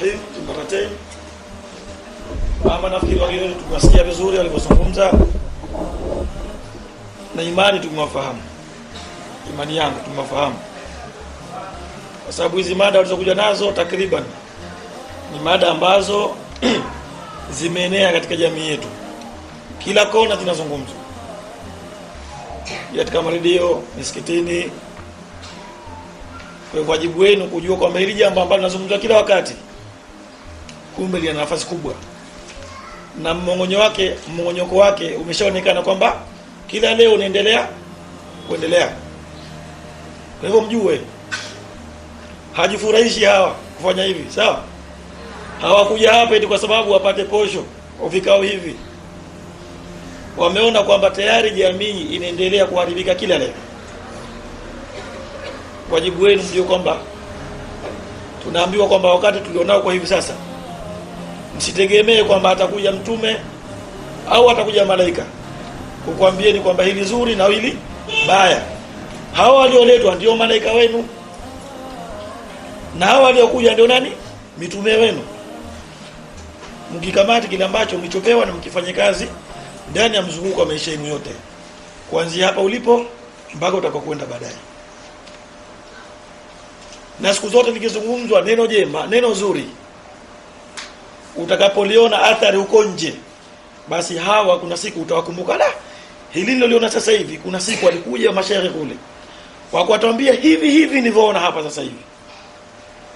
Rahim, tumpatateni ama. Nafikiri wageni tukasikia vizuri walivyozungumza, na imani tumewafahamu, imani yangu tumewafahamu, kwa sababu hizi mada walizokuja nazo takriban ni mada ambazo zimeenea katika jamii yetu, kila kona zinazungumzwa katika maredio, misikitini. Kwa wajibu wenu kujua kwamba hili jambo ambalo linazungumzwa kila wakati kumbe lina nafasi kubwa, na mmong'onyo wake mmong'onyoko wake umeshaonekana kwamba kila leo unaendelea kuendelea. Kwa hivyo mjue, hajifurahishi hawa kufanya hivi, sawa. Hawakuja hapa eti kwa sababu wapate posho vikao hivi. Wameona kwamba tayari jamii inaendelea kuharibika kila leo. Wajibu wenu ndio kwamba tunaambiwa kwamba wakati tulionao kwa hivi sasa Msitegemee kwamba atakuja mtume au atakuja malaika kukwambieni kwamba hili zuri na hili baya. Hawa walioletwa ndio malaika wenu na hawa waliokuja ndio nani? Mitume wenu. mkikamati kile ambacho mlichopewa na mkifanye kazi ndani ya mzunguko wa maisha yenu yote, kuanzia hapa ulipo mpaka utakokwenda baadaye. Na siku zote likizungumzwa neno jema, neno zuri utakapoliona athari huko nje, basi hawa kuna siku utawakumbuka. La, hili niloliona sasa hivi, kuna siku walikuja mashaikh kule kuwatambia hivi hivi nilivyoona hapa sasa hivi.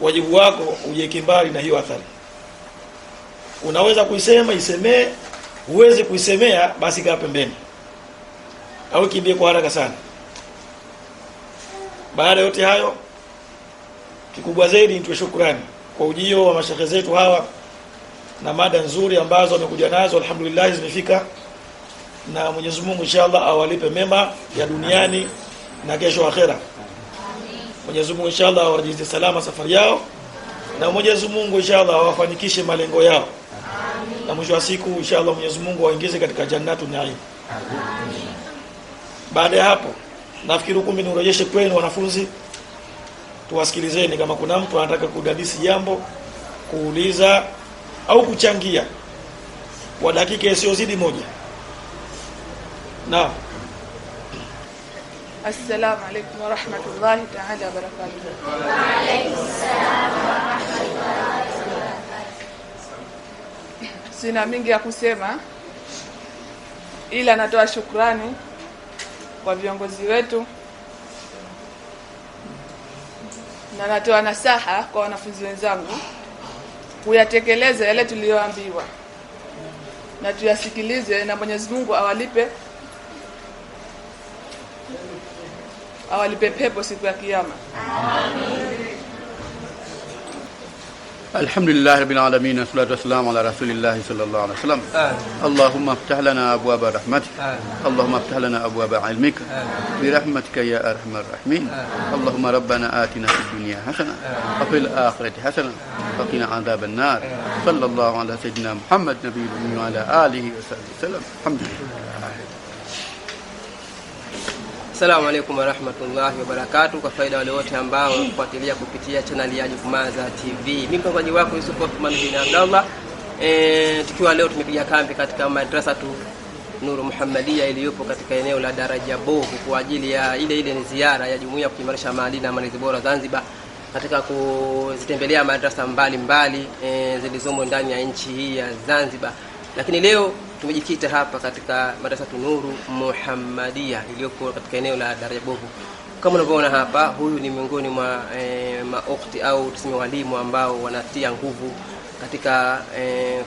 Wajibu wako ujeke mbali na hiyo athari. Unaweza kuisema isemee, huwezi kuisemea, basi kaa pembeni au kimbie kwa haraka sana. Baada yote hayo, kikubwa zaidi nitoe shukrani kwa ujio wa mashehe zetu hawa na mada nzuri ambazo amekuja nazo alhamdulillah zimefika na Mwenyezi Mungu inshallah awalipe mema ya duniani na kesho akhera. Mwenyezi Mungu inshallah awajaze salama safari yao na Mwenyezi Mungu inshallah awafanikishe malengo yao. Amin. Na mwisho wa siku inshallah Mwenyezi Mungu awaingize katika jannatu naim. Baada ya hapo nafikiri ukumbi niurejeshe kwenu wanafunzi, tuwasikilizeni kama kuna mtu anataka kudadisi jambo, kuuliza au kuchangia kwa dakika isiyozidi moja. Naam. Assalamu alaykum wa rahmatullahi ta'ala wa barakatuh. Wa alaykum assalam wa rahmatullahi wa barakatuh. Sina mingi ya kusema ila natoa shukrani kwa viongozi wetu na natoa nasaha kwa wanafunzi wenzangu tuyatekeleze yale tuliyoambiwa na tuyasikilize, na Mwenyezi Mungu awalipe awalipe pepo siku ya Kiyama. Amin. Alhamdulillahi rabbil alamin wassalatu wassalamu ala rasulillahi sallallahu alaihi wasallam. Allahumma aftah lana abwaba rahmatik Allahumma aftah lana abwaba ilmik birahmatika ya arhamar rahimin Allahumma rabbana atina fid dunya hasana wa fil akhirati hasana وقنا عذاب النار صلى الله على سيدنا محمد نبي الأمي وعلى آله وصحبه وسلم الحمد لله Assalamu alaikum warahmatullahi wabarakatuh. Kwa faida wale wote ambao wanafuatilia kupitia chaneli ya Jukumaza TV, mimi mtangazaji wako Yusuf Othman bin Abdallah. E, tukiwa leo tumepiga kambi katika madrasa tu Nuru Muhammadia iliyopo katika eneo la Daraja Bovu kwa ajili ya ile ile ni ziara ya jumuiya kuimarisha maadili na malezi bora Zanzibar katika kuzitembelea madrasa mbalimbali e, zilizomo ndani ya nchi hii ya Zanzibar, lakini leo tumejikita hapa katika madrasa tunuru Muhammadia iliyoko katika eneo la Daraja Bovu. Kama unavyoona hapa, huyu ni miongoni mwa e, maokti au tuseme walimu ambao wanatia nguvu katika e,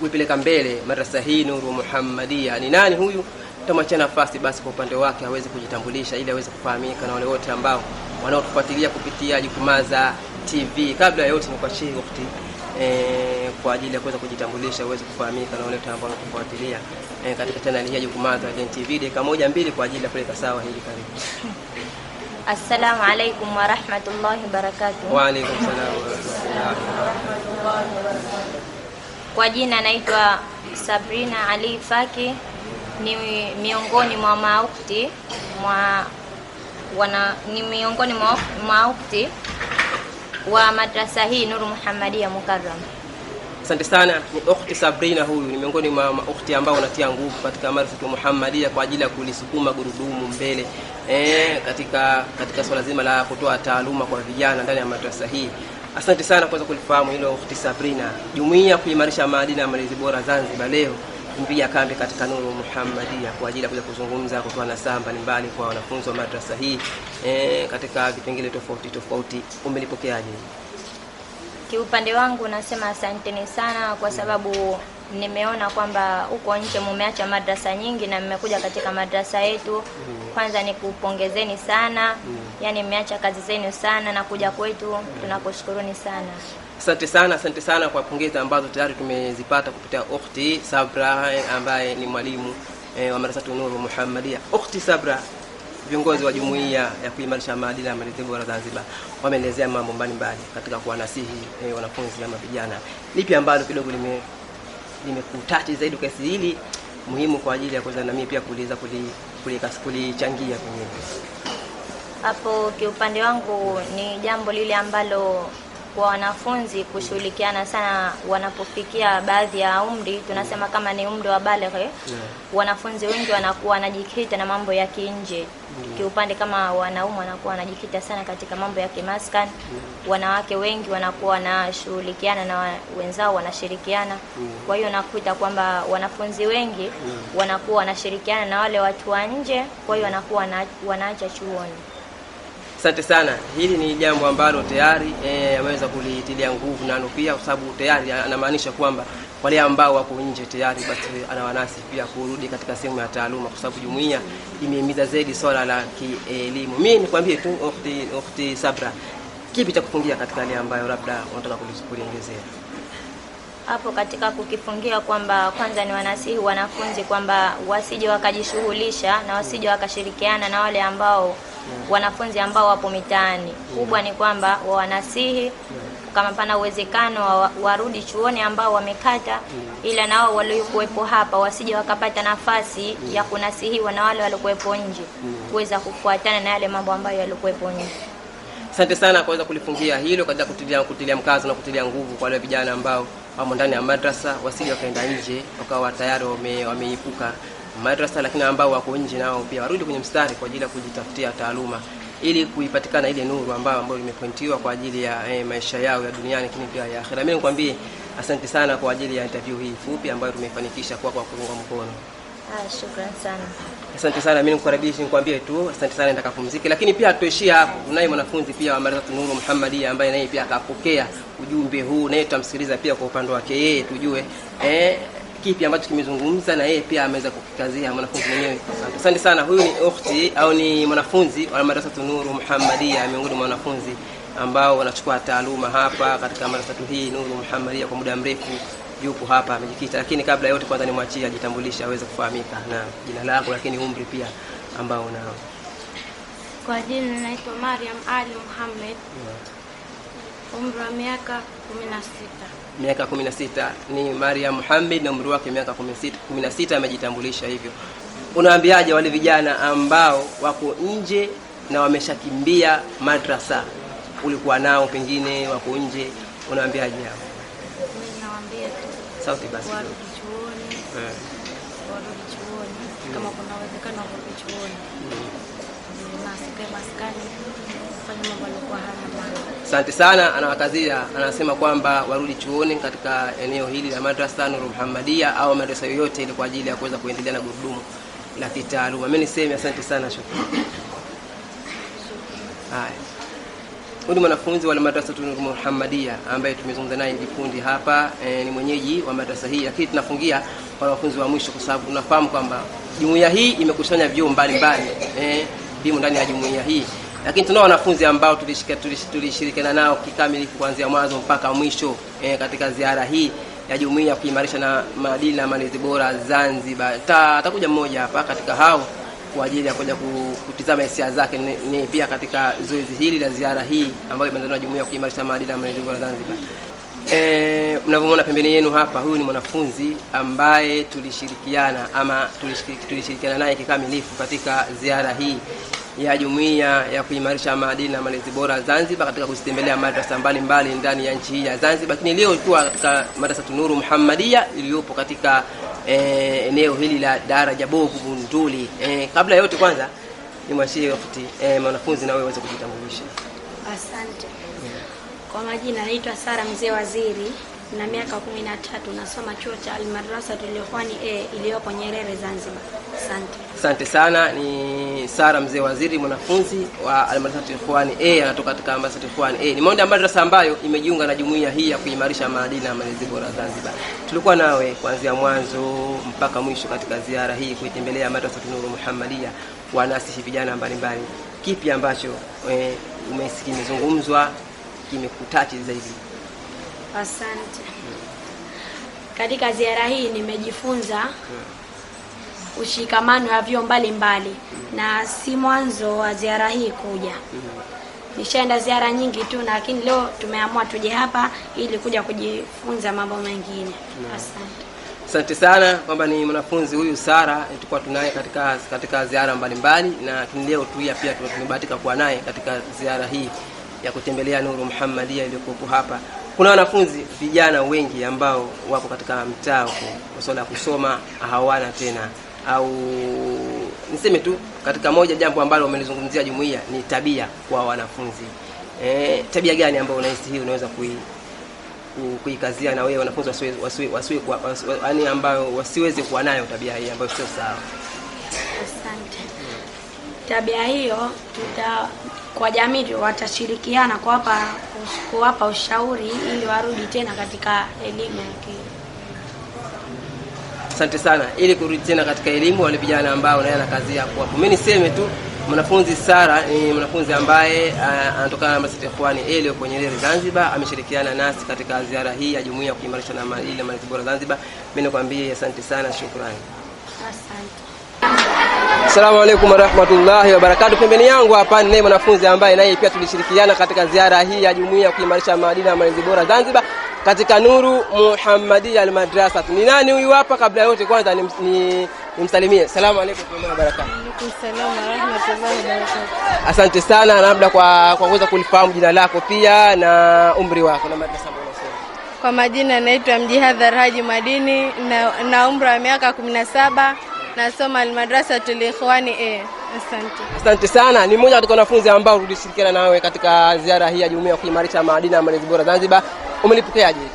kuipeleka mbele madrasa hii Nuru Muhammadia. Ni nani huyu? Tamwachia nafasi basi kwa upande wake aweze kujitambulisha ili aweze kufahamika na wale wote ambao wanaotufuatilia kupitia Jukumaza TV. Kabla ya yote, ni kwa Sheikh eh, kwa ajili ya kuweza kujitambulisha, uweze kufahamika na wale ambao wanatufuatilia eh, katika channel hii ya Jukumaza TV, dakika moja mbili kwa ajili ya kuleta sawa hili. Karibu. Assalamu alaykum wa rahmatullahi wa barakatuh. Wa alaykum salaam wa rahmatullahi wa barakatuh. Kwa jina naitwa Sabrina Ali Faki, ni miongoni mwa maukti mwa wana ni miongoni mwa wakti wa madrasa hii Nuru Muhammadia Mukarram. Asante sana. Ni ukhti Sabrina, huyu ni miongoni mwa ukhti ambao wanatia nguvu katika Madrasa Muhammadia kwa ajili ya kulisukuma gurudumu mbele eh, katika katika swala zima la kutoa taaluma kwa vijana ndani ya madrasa hii. Asante sana kuweza kulifahamu hilo ukhti Sabrina. Jumuiya kuimarisha maadili na malezi bora Zanzibar leo kukimbia kambi katika Nuru Muhammadia kwa ajili ya kuja kuzungumza, kutoa nasaha mbalimbali kwa wanafunzi wa madrasa hii e, katika vipengele tofauti tofauti. Umelipokeaje? Kiupande wangu nasema asanteni sana kwa sababu nimeona kwamba huko nje mumeacha madrasa nyingi na mmekuja katika madrasa yetu. Mm. Kwanza ni kupongezeni sana mm. Yani mmeacha kazi zenu sana na kuja kwetu mm. Tunakushukuruni sana, asante sana, asante sana kwa pongezi ambazo tayari tumezipata kupitia ukhti Sabra eh, ambaye ni mwalimu eh, wa madrasa Nuru Muhammadia. Ukhti Sabra, viongozi wa jumuiya ya kuimarisha maadili ya malezi bora Zanzibar wameelezea mambo mbalimbali katika kuwanasihi eh, wanafunzi ama vijana. Lipi ambalo kidogo lime nimekutachi zaidi kwa hili muhimu kwa ajili ya kuweza na mimi pia kuliweza kulichangia kwenye hapo. Kiupande wangu ni jambo lile ambalo kwa wanafunzi kushughulikiana sana wanapofikia baadhi ya umri, tunasema kama ni umri wa yeah. wanafunzi wengi wanakuwa wanajikita na mambo ya kinje. Mm. Kiupande kama wanaume wanakuwa wanajikita sana katika mambo ya kimaskani mm. Wanawake wengi wanakuwa wanashughulikiana na wenzao wanashirikiana mm. Kwa hiyo nakuta kwamba wanafunzi wengi mm. wanakuwa wanashirikiana na wale watu wa nje, kwa hiyo mm. wanakuwa wanaacha chuoni. Asante sana. Hili ni jambo ambalo tayari eh, ameweza kulitilia nguvu nalo pia, kwa sababu tayari anamaanisha kwamba wale ambao wako nje tayari, basi anawanasi pia kurudi katika sehemu ya taaluma, kwa sababu jumuiya imehimiza zaidi swala la kielimu. Mimi nikwambie tu ukhti, ukhti Sabra, kipi cha kufungia katika yale ambayo labda unataka kuliongezea hapo katika kukifungia, kwamba kwanza ni wanasihi wanafunzi kwamba wasije wakajishughulisha na wasije wakashirikiana na wale ambao wanafunzi ambao wapo mitaani. Kubwa ni kwamba wawanasihi kama pana uwezekano warudi chuoni ambao wamekata, mm. ila na wao waliokuwepo hapa wasije wakapata nafasi mm. ya kunasihiwa na wale waliokuwepo nje mm. kuweza kufuatana na yale mambo ambayo yalikuwepo nje. Asante sana kuweza kulifungia hilo katika kutilia, kutilia mkazo na kutilia nguvu kwa wale vijana ambao wamo ndani ya madrasa wasije wakaenda nje wakawa tayari wameepuka madrasa, lakini ambao wako nje nao pia warudi kwenye mstari kwa ajili ya kujitafutia taaluma ili kuipatikana ile nuru ambayo ambayo imepointiwa kwa ajili ya eh, maisha yao ya duniani lakini pia ya akhera. Mimi nikwambie asante sana kwa ajili ya interview hii fupi ambayo tumeifanikisha kwa kwa kuunga mkono. Ah, shukrani sana. Asante sana, mimi nikukaribisha nikwambie tu asante sana, nitakapumzike. Lakini pia hatuishia hapo, unaye mwanafunzi pia wa Madrasa Nuru Muhammadia ambaye naye pia akapokea ujumbe huu, naye tutamsikiliza pia kwa upande wake yeye, tujue eh kipi ambacho kimezungumza na yeye pia ameweza kukikazia mwanafunzi mwenyewe. Asante sana. Huyu ni ukhti au ni mwanafunzi wa madrasa Nuru Muhammadia, miongoni mwa wanafunzi ambao wanachukua taaluma hapa katika madrasa hii Nuru Muhammadia kwa muda mrefu yupo hapa amejikita, lakini kabla yote, kwanza nimwachie ajitambulishe aweze kufahamika na jina lako, lakini umri pia ambao unao. Kwa jina naitwa Mariam Ali Muhammad, umri wa miaka 16 miaka 16 ni Maria Muhammad na umri wake miaka 16, amejitambulisha hivyo. Unawaambiaje wale vijana ambao wako nje na wameshakimbia madrasa? Ulikuwa nao pengine wako nje, unawaambiaje hao? sauti basi, warudi chuoni, eh. warudi chuoni kama kuna uwezekano warudi chuoni mm. Asante sana. Anawakazia, anasema kwamba warudi chuoni katika eneo hili la madrasa Nuru Muhammadia au madrasa yoyote ile kwa ajili ya kuweza kuendelea na gurudumu la kitaaluma. Mimi niseme asante sana, shukrani. Haya, huyu mwanafunzi wa madrasa Nuru Muhammadia ambaye tumezungumza naye kikundi hapa. E, ni mwenyeji wa madrasa hii, lakini tunafungia wanafunzi wa mwisho, kwa sababu tunafahamu kwamba jumuiya hii imekusanya vyuo mbalimbali eh elimu ndani ya jumuiya hii, lakini tunao wanafunzi ambao tulishirikiana nao kikamilifu kuanzia mwanzo mpaka mwisho eh, katika ziara hii ya jumuiya kuimarisha na maadili na malezi bora Zanzibar. Ta, Atakuja mmoja hapa katika hao kwa ajili ya kuja kutizama hisia zake ni, ni pia katika zoezi hili la ziara hii ambayo imeandaliwa jumuiya kuimarisha maadili na malezi bora Zanzibar. E, eh, mnavyomwona pembeni yenu hapa, huyu ni mwanafunzi ambaye tulishirikiana ama tulishirikiana naye kikamilifu katika ziara hii ya jumuiya ya kuimarisha maadili na malezi bora Zanzibar katika kuzitembelea madrasa mbalimbali ndani ya nchi hii ya Zanzibar, lakini leo ikiwa katika madrasa Tunuru Muhammadia iliyopo katika eh, eneo hili la daraja bovu Bunduli. Eh, kabla yote kwanza mwashie wakati eh, mwanafunzi nawe uweze kujitambulisha. Asante. Kwa majina naitwa Sara Mzee Waziri na miaka 13 nasoma chuo cha Almadrasa Tulikhwani A iliyopo Nyerere Zanzibar. Asante. Asante sana. Ni Sara Mzee Waziri, mwanafunzi wa Almadrasat A, anatoka katika Almadrasat A. Ni moja ya madrasa ambayo imejiunga na jumuiya hii ya kuimarisha maadili na malezi bora Zanzibar. Tulikuwa nawe kuanzia mwanzo mpaka mwisho katika ziara hii kuitembelea Madrasa Nuru Muhammadia, wanasihi vijana mbalimbali. Kipi ambacho e, eh, umesikia kimezungumzwa kimekutachi zaidi? Asante. Katika ziara hii nimejifunza hmm ushikamano wa vyo mbalimbali mm. na si mwanzo wa ziara hii kuja mm. nishaenda ziara nyingi tu, lakini leo tumeamua tuje hapa ili kuja kujifunza mambo mengine mm. Asante, asante sana kwamba ni mwanafunzi huyu Sara, tulikuwa tunaye katika katika ziara mbalimbali mbali, na leo tu pia tumebahatika kuwa naye katika ziara hii ya kutembelea Nuru Muhammadia iliyokuwepo hapa. Kuna wanafunzi vijana wengi ambao wako katika mtaa huko, masuala ya kusoma hawana tena au niseme tu katika moja jambo ambalo umelizungumzia jumuiya ni tabia kwa wanafunzi. E, tabia gani ambayo unahisi hii unaweza kui kuikazia na wewe wanafunzi wasiweze wasiwe, wasiwe, wasiwe, yani ambayo wasiweze kuwa nayo tabia hii ambayo sio sawa? Asante. Tabia hiyo tuta kwa jamii watashirikiana kuwapa kuwapa ushauri ili warudi tena katika elimu ya Asante sana, ili kurudi tena katika elimu wale vijana ambao unaenda na kazi yako hapo. Mimi niseme tu mwanafunzi Sara ni mwanafunzi ambaye uh, anatoka na Masjid Ikhwani Elio kwenye Nyerere Zanzibar, ameshirikiana nasi katika ziara hii ya jumuiya kuimarisha na maadili na malezi bora Zanzibar. Mimi nakwambia asante sana, shukrani. Asante. Asalamu alaykum warahmatullahi wabarakatuh. Pembeni yangu hapa ni mwanafunzi ambaye naye pia tulishirikiana katika ziara hii ya jumuiya kuimarisha maadili na malezi bora Zanzibar katika Nuru Muhammadia Almadrasa. Ni nani huyu hapa? Kabla yote kwanza nimsalimie. Salamu alaykum wa rahmatullahi wa barakatuh. Asante sana, labda kwa kuweza kulifahamu jina lako pia na umri wako na madrasa. Kwa majina naitwa Mjihadhar Haji Madini na, na umri wa miaka 17 nasoma Almadrasa Tulikhwani A. Asante. Asante sana. Ni mmoja katika wanafunzi ambao tulishirikiana nawe katika ziara hii ya Jumuiya kuimarisha maadili na malezi bora Zanzibar umelipokeaje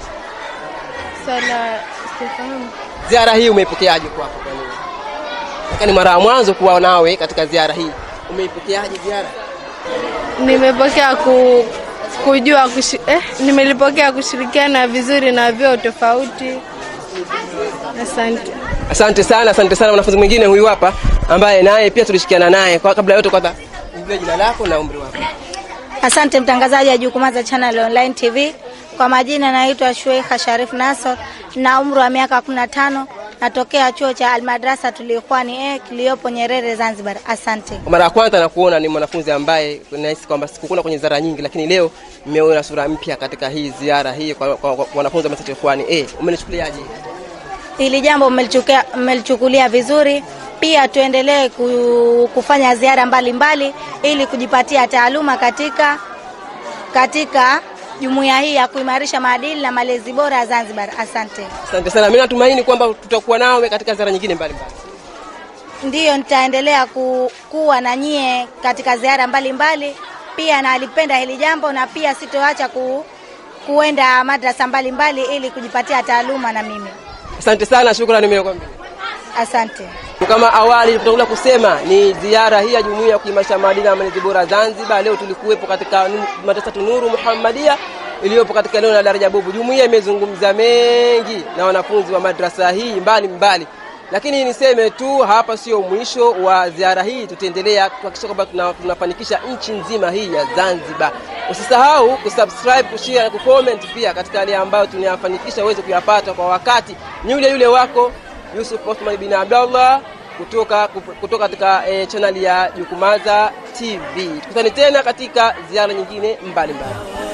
sala sifahamu? Ziara hii umeipokeaje kwako? Kwa nini ni mara ya mwanzo kuwa nawe katika ziara hii umeipokeaje ziara? Nimepokea ku, kujua kushi, eh, nimelipokea kushirikiana vizuri na vyo tofauti. Asante. Asante sana, asante sana mwanafunzi mwingine huyu hapa ambaye naye pia tulishikiana naye. Kwa kabla yote kwanza nijue jina lako na umri wako. Asante mtangazaji wa Jukumaza Channel Online TV. Kwa majina naitwa Shueikha Sharif Nasor na umri wa miaka 15, natokea chuo cha Almadrasa ni eh, kiliyopo Nyerere Zanzibar. Asante. Kwa mara ya kwanza nakuona ni mwanafunzi ambaye nahisi kwamba sikukuna kwenye ziara nyingi, lakini leo nimeona sura mpya katika hii ziara hii kwa wanafunzi wa Tulikwani eh, umenichukuliaje hili jambo? Mmelichukulia vizuri pia tuendelee kufanya ziara mbalimbali mbali, ili kujipatia taaluma katika katika jumuiya hii ya kuimarisha maadili na malezi bora ya Zanzibar. Asante, asante sana. Mimi natumaini kwamba tutakuwa nawe katika ziara nyingine mbalimbali. Ndiyo, nitaendelea ku, kuwa na nyie katika ziara mbalimbali pia, na alipenda hili jambo na pia sitoacha ku, kuenda madrasa mbalimbali ili kujipatia taaluma na mimi. Asante sana, shukrani. Asante. Kama awali tutangulia kusema ni ziara hii ya jumuiya ya kuimarisha maadili na malezi bora Zanzibar. Leo tulikuwepo katika madrasa Tunuru Muhammadia iliyopo katika eneo la daraja bovu. Jumuiya imezungumza mengi na wanafunzi wa madrasa hii mbali mbali, lakini niseme tu hapa sio mwisho wa ziara hii. Tutaendelea kuhakikisha kwamba tunafanikisha nchi nzima hii ya Zanzibar. Usisahau kusubscribe, kushare na kucomment pia katika yale ambayo tunayafanikisha, uweze kuyapata kwa wakati, ni yule yule wako Yusuf Osman bin Abdallah kutoka kutoka katika e, chaneli ya Jukumaza TV. Tukutane tena katika ziara nyingine mbalimbali mbali.